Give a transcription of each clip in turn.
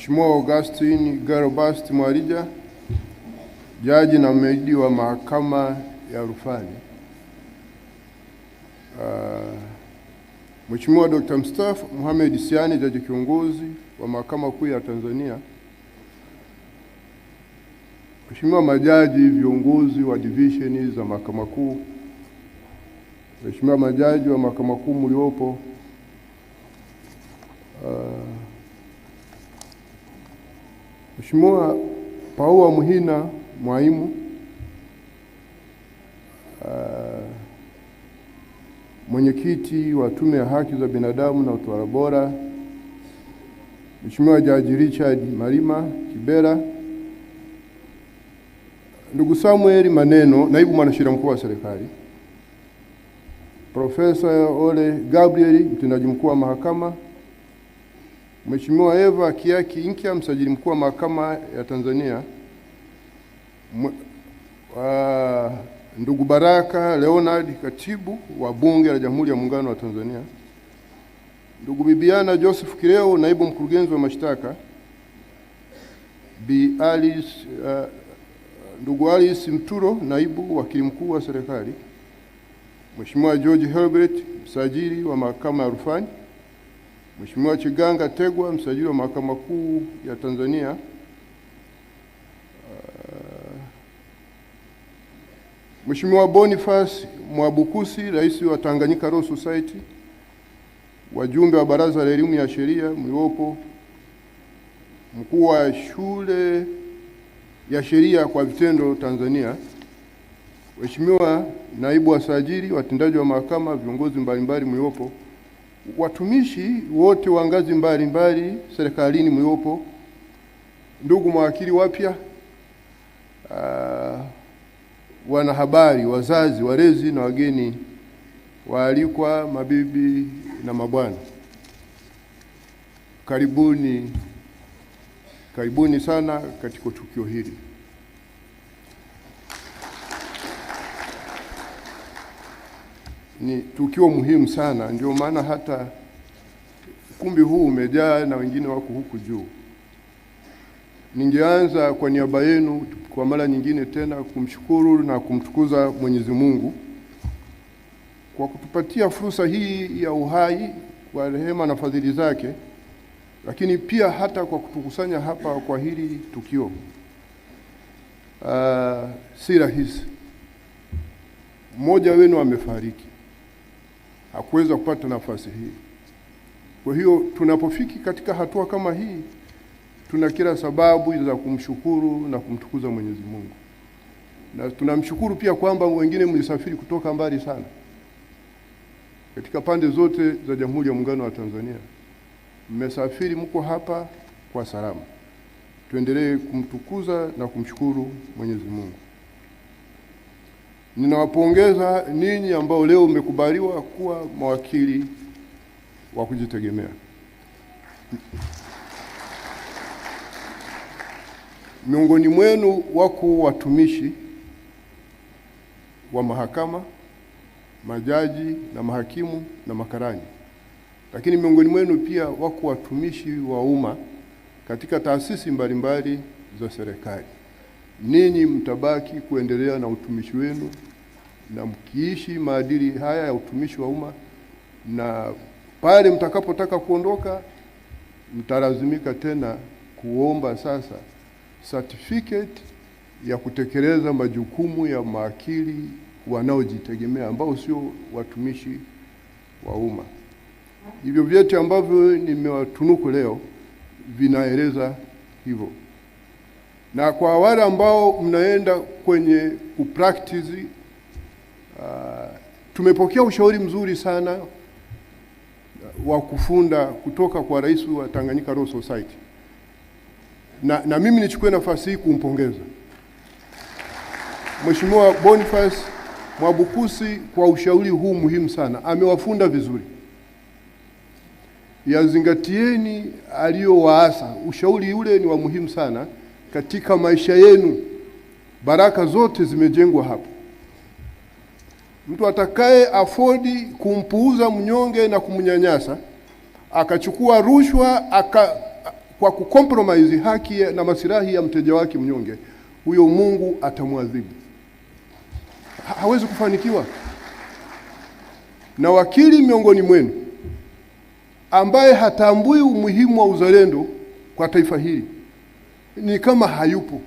Mheshimiwa Augustine Garobast Mwarija, jaji na mmeidi wa mahakama ya rufani. Uh, Mheshimiwa Dr. Mstaafu Mohamed Siani, jaji kiongozi wa mahakama kuu ya Tanzania. Mheshimiwa majaji viongozi wa divisheni za mahakama kuu, Mheshimiwa majaji wa mahakama kuu mliopo, uh, Mheshimiwa Paua Muhina Mwaimu uh, mwenyekiti wa Tume ya Haki za Binadamu na Utawala Bora, Mheshimiwa Jaji Richard Malima Kibera, ndugu Samuel Maneno, naibu mwanasheria mkuu wa serikali, Profesa Ole Gabriel, mtendaji mkuu wa mahakama Mheshimiwa Eva Kiaki Inkya, msajili mkuu wa mahakama ya Tanzania, uh, ndugu Baraka Leonard, katibu wa Bunge la Jamhuri ya Muungano wa Tanzania, ndugu Bibiana Joseph kireo naibu mkurugenzi wa mashtaka, Bi Alice, uh, ndugu Alice Mturo, naibu wakili mkuu wa serikali, Mheshimiwa George Herbert, msajili wa mahakama ya rufani Mheshimiwa Chiganga Tegwa, msajili wa Mahakama Kuu ya Tanzania, uh, Mheshimiwa Boniface Mwabukusi, rais wa Tanganyika Law Society, wajumbe wa Baraza la Elimu ya Sheria mliopo, mkuu wa shule ya sheria kwa vitendo Tanzania, Mheshimiwa naibu wasajili, watendaji wa mahakama, viongozi mbalimbali mliopo watumishi wote wa ngazi mbalimbali serikalini mliopo, ndugu mawakili wapya, uh, wanahabari, wazazi, walezi na wageni waalikwa, mabibi na mabwana, karibuni, karibuni sana katika tukio hili. ni tukio muhimu sana. Ndio maana hata ukumbi huu umejaa na wengine wako huku juu. Ningeanza kwa niaba yenu kwa mara nyingine tena kumshukuru na kumtukuza Mwenyezi Mungu kwa kutupatia fursa hii ya uhai kwa rehema na fadhili zake, lakini pia hata kwa kutukusanya hapa kwa hili tukio. Uh, si rahisi. Mmoja wenu amefariki hakuweza kupata nafasi hii. Kwa hiyo tunapofiki katika hatua kama hii, tuna kila sababu za kumshukuru na kumtukuza Mwenyezi Mungu, na tunamshukuru pia kwamba wengine mlisafiri kutoka mbali sana katika pande zote za Jamhuri ya Muungano wa Tanzania, mmesafiri mko hapa kwa salama. Tuendelee kumtukuza na kumshukuru Mwenyezi Mungu. Ninawapongeza ninyi ambao leo mmekubaliwa kuwa mawakili wa kujitegemea. Miongoni mwenu wako watumishi wa mahakama, majaji na mahakimu na makarani, lakini miongoni mwenu pia wako watumishi wa umma katika taasisi mbalimbali za serikali ninyi mtabaki kuendelea na utumishi wenu, na mkiishi maadili haya ya utumishi wa umma, na pale mtakapotaka kuondoka, mtalazimika tena kuomba sasa certificate ya kutekeleza majukumu ya mawakili wanaojitegemea ambao sio watumishi wa umma. Hivyo vyeti ambavyo nimewatunuku leo vinaeleza hivyo na kwa wale ambao mnaenda kwenye kupractice uh, tumepokea ushauri mzuri sana wa kufunda kutoka kwa rais wa Tanganyika Law Society na, na mimi nichukue nafasi hii kumpongeza Mheshimiwa Boniface Mwabukusi kwa ushauri huu muhimu sana, amewafunda vizuri. Yazingatieni aliyowaasa, ushauri ule ni wa muhimu sana katika maisha yenu. Baraka zote zimejengwa hapo Mtu atakaye afodi kumpuuza mnyonge na kumnyanyasa akachukua rushwa aka, kwa kukompromise haki na masilahi ya mteja wake mnyonge, huyo Mungu atamwadhibu, hawezi kufanikiwa. Na wakili miongoni mwenu ambaye hatambui umuhimu wa uzalendo kwa taifa hili ni kama hayupo,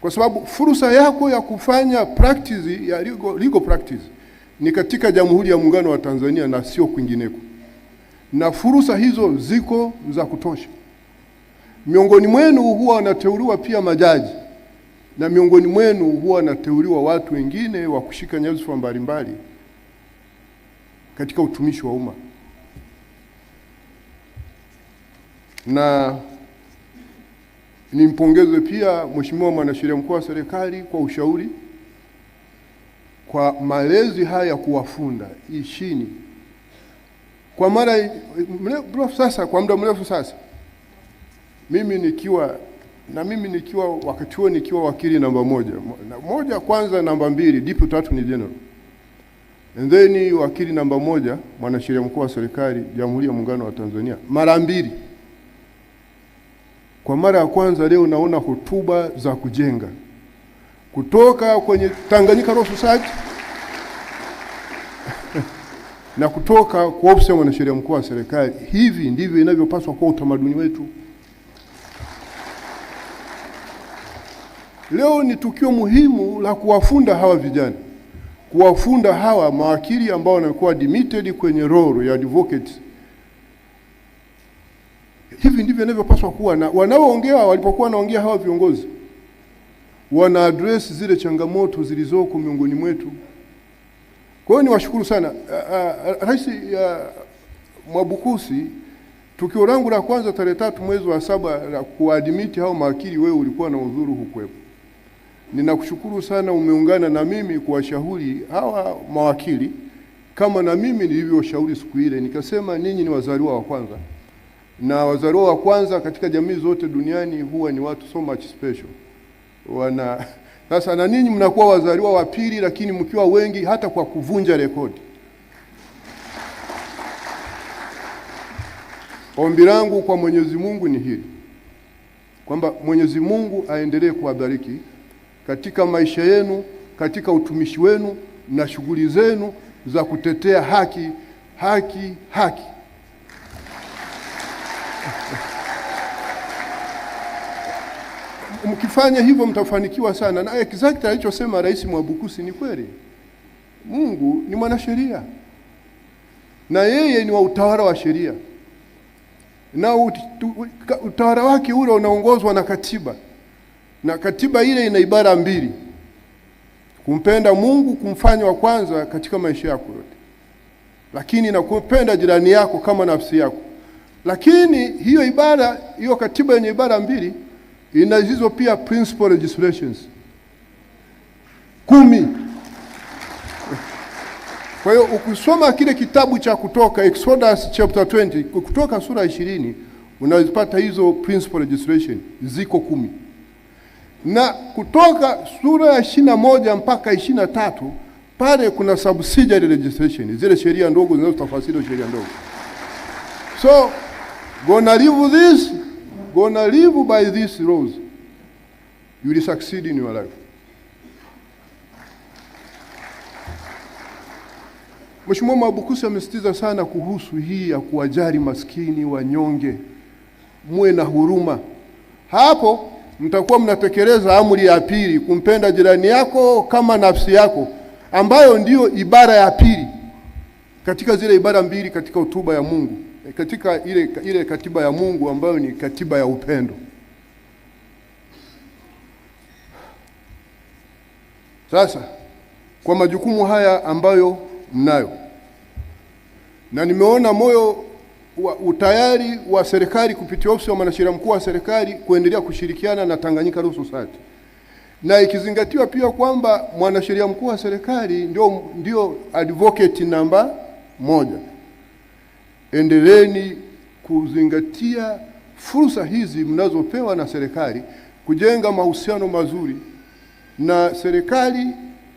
kwa sababu fursa yako ya kufanya practice ya legal, legal practice ni katika Jamhuri ya Muungano wa Tanzania na sio kwingineko, na fursa hizo ziko za kutosha. Miongoni mwenu huwa wanateuliwa pia majaji na miongoni mwenu huwa wanateuliwa watu wengine wa kushika nyadhifa mbalimbali katika utumishi wa umma na Nimpongeze pia Mheshimiwa Mwanasheria Mkuu wa Serikali kwa ushauri, kwa malezi haya ya kuwafunda ishini kwa mara mrefu sasa, kwa muda mrefu sasa, mimi nikiwa na mimi nikiwa wakati huo nikiwa wakili namba moja moja kwanza, namba mbili tatu ni general and then wakili namba moja mwanasheria mkuu wa serikali Jamhuri ya Muungano wa Tanzania mara mbili. Kwa mara ya kwanza leo naona hotuba za kujenga kutoka kwenye Tanganyika Law Society na kutoka kwa ofisi ya mwanasheria mkuu wa serikali. Hivi ndivyo inavyopaswa kuwa utamaduni wetu. Leo ni tukio muhimu la kuwafunda hawa vijana, kuwafunda hawa mawakili ambao wanakuwa admitted kwenye roro ya advocates hivi ndivyo inavyopaswa kuwa, na wanaoongea walipokuwa wanaongea hawa viongozi wana address zile changamoto zilizoko miongoni mwetu. Kwa hiyo niwashukuru sana Rais Mwabukusi. Tukio langu la kwanza tarehe tatu mwezi wa saba la kuadimiti hao mawakili, wewe ulikuwa na udhuru, hukuwepo. Ninakushukuru sana, umeungana na mimi kuwashauri hawa mawakili kama na mimi nilivyoshauri siku ile, nikasema ninyi ni wazaliwa wa kwanza na wazaliwa wa kwanza katika jamii zote duniani huwa ni watu so much special wana sasa na ninyi mnakuwa wazaliwa wa pili, lakini mkiwa wengi, hata kwa kuvunja rekodi. Ombi langu kwa Mwenyezi Mungu ni hili kwamba Mwenyezi Mungu aendelee kuwabariki katika maisha yenu, katika utumishi wenu na shughuli zenu za kutetea haki, haki, haki. Mkifanya hivyo mtafanikiwa sana, na exact alichosema Rais Mwabukusi ni kweli. Mungu ni mwanasheria na yeye ni wa utawala wa sheria, na utawala wake ule unaongozwa na katiba, na katiba ile ina ibara mbili: kumpenda Mungu, kumfanya wa kwanza katika maisha yako yote, lakini na kumpenda jirani yako kama nafsi yako. Lakini hiyo ibara hiyo katiba yenye ibara mbili ina hizo pia principal legislations kumi. Kwa hiyo ukisoma kile kitabu cha Kutoka, Exodus chapter 20, Kutoka sura ishirini, unazipata hizo principal legislation ziko kumi, na Kutoka sura ya ishirini na moja mpaka ishirini na tatu pale kuna subsidiary legislation, zile sheria ndogo zinazotafasiri sheria ndogo so Gonna live this, gonna live by this laws. You will succeed in your life. Mheshimiwa Mwabukusi amesisitiza sana kuhusu hii ya kuwajari maskini, wanyonge, muwe na huruma. Hapo mtakuwa mnatekeleza amri ya pili, kumpenda jirani yako kama nafsi yako, ambayo ndiyo ibara ya pili katika zile ibara mbili katika hotuba ya Mungu. Eh, katika ile, ile katiba ya Mungu ambayo ni katiba ya upendo. Sasa kwa majukumu haya ambayo mnayo, na nimeona moyo wa utayari wa serikali kupitia ofisi ya mwanasheria mkuu wa serikali kuendelea kushirikiana na Tanganyika Law Society, na ikizingatiwa pia kwamba mwanasheria mkuu wa serikali ndio, ndio advocate namba moja endeleeni kuzingatia fursa hizi mnazopewa na serikali kujenga mahusiano mazuri na serikali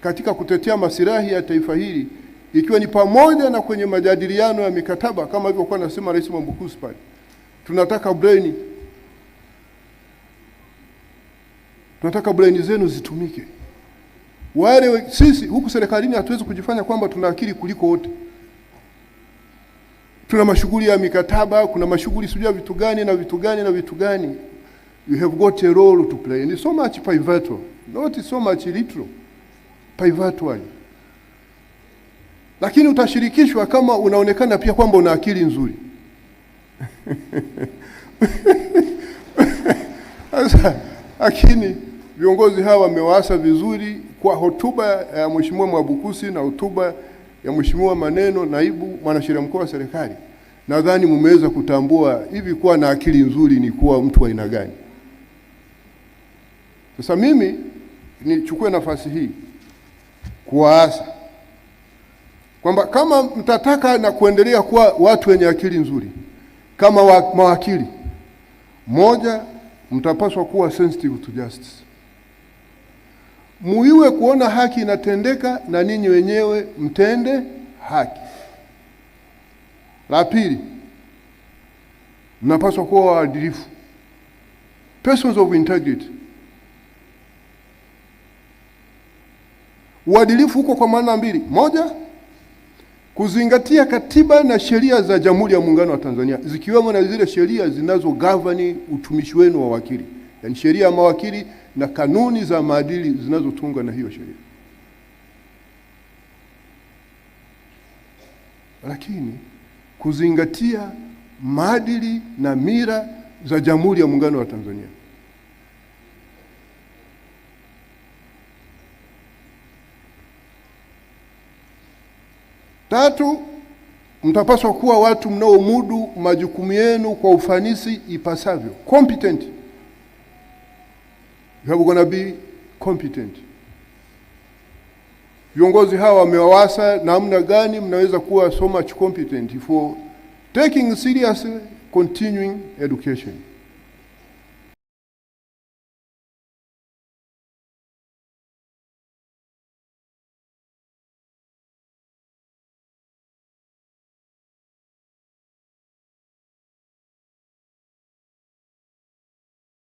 katika kutetea masilahi ya taifa hili, ikiwa ni pamoja na kwenye majadiliano ya mikataba kama ilivyokuwa nasema Rais Mambukusi pale, tunataka breni, tunataka breni zenu zitumike. Wale sisi huku serikalini hatuwezi kujifanya kwamba tuna akili kuliko wote tuna mashughuli ya mikataba, kuna mashughuli sijui ya vitu gani na vitu gani na vitu gani. You have got a role to play and so much pivotal, not so much little, pivotal. Lakini utashirikishwa kama unaonekana pia kwamba una akili nzuri Sasa lakini viongozi hawa wamewaasa vizuri kwa hotuba ya Mheshimiwa Mwabukusi na hotuba ya Mheshimiwa Maneno, naibu mwanasheria mkuu wa serikali, nadhani mmeweza kutambua hivi kuwa na akili nzuri ni kuwa mtu wa aina gani. Sasa mimi nichukue nafasi hii kuwaasa kwamba kama mtataka na kuendelea kuwa watu wenye akili nzuri kama wa, mawakili, moja, mtapaswa kuwa sensitive to justice muiwe kuona haki inatendeka na ninyi wenyewe mtende haki. La pili, mnapaswa kuwa waadilifu, persons of integrity. Uadilifu huko kwa maana mbili, moja kuzingatia katiba na sheria za Jamhuri ya Muungano wa Tanzania zikiwemo na zile sheria zinazogavani utumishi wenu wa wakili yani sheria ya mawakili na kanuni za maadili zinazotungwa na hiyo sheria. Lakini kuzingatia maadili na mira za Jamhuri ya Muungano wa Tanzania Tatu, mtapaswa kuwa watu mnaomudu majukumu yenu kwa ufanisi ipasavyo, competent na we're gonna be competent. Viongozi hawa wamewawasa namna gani mnaweza kuwa so much competent for taking seriously continuing education.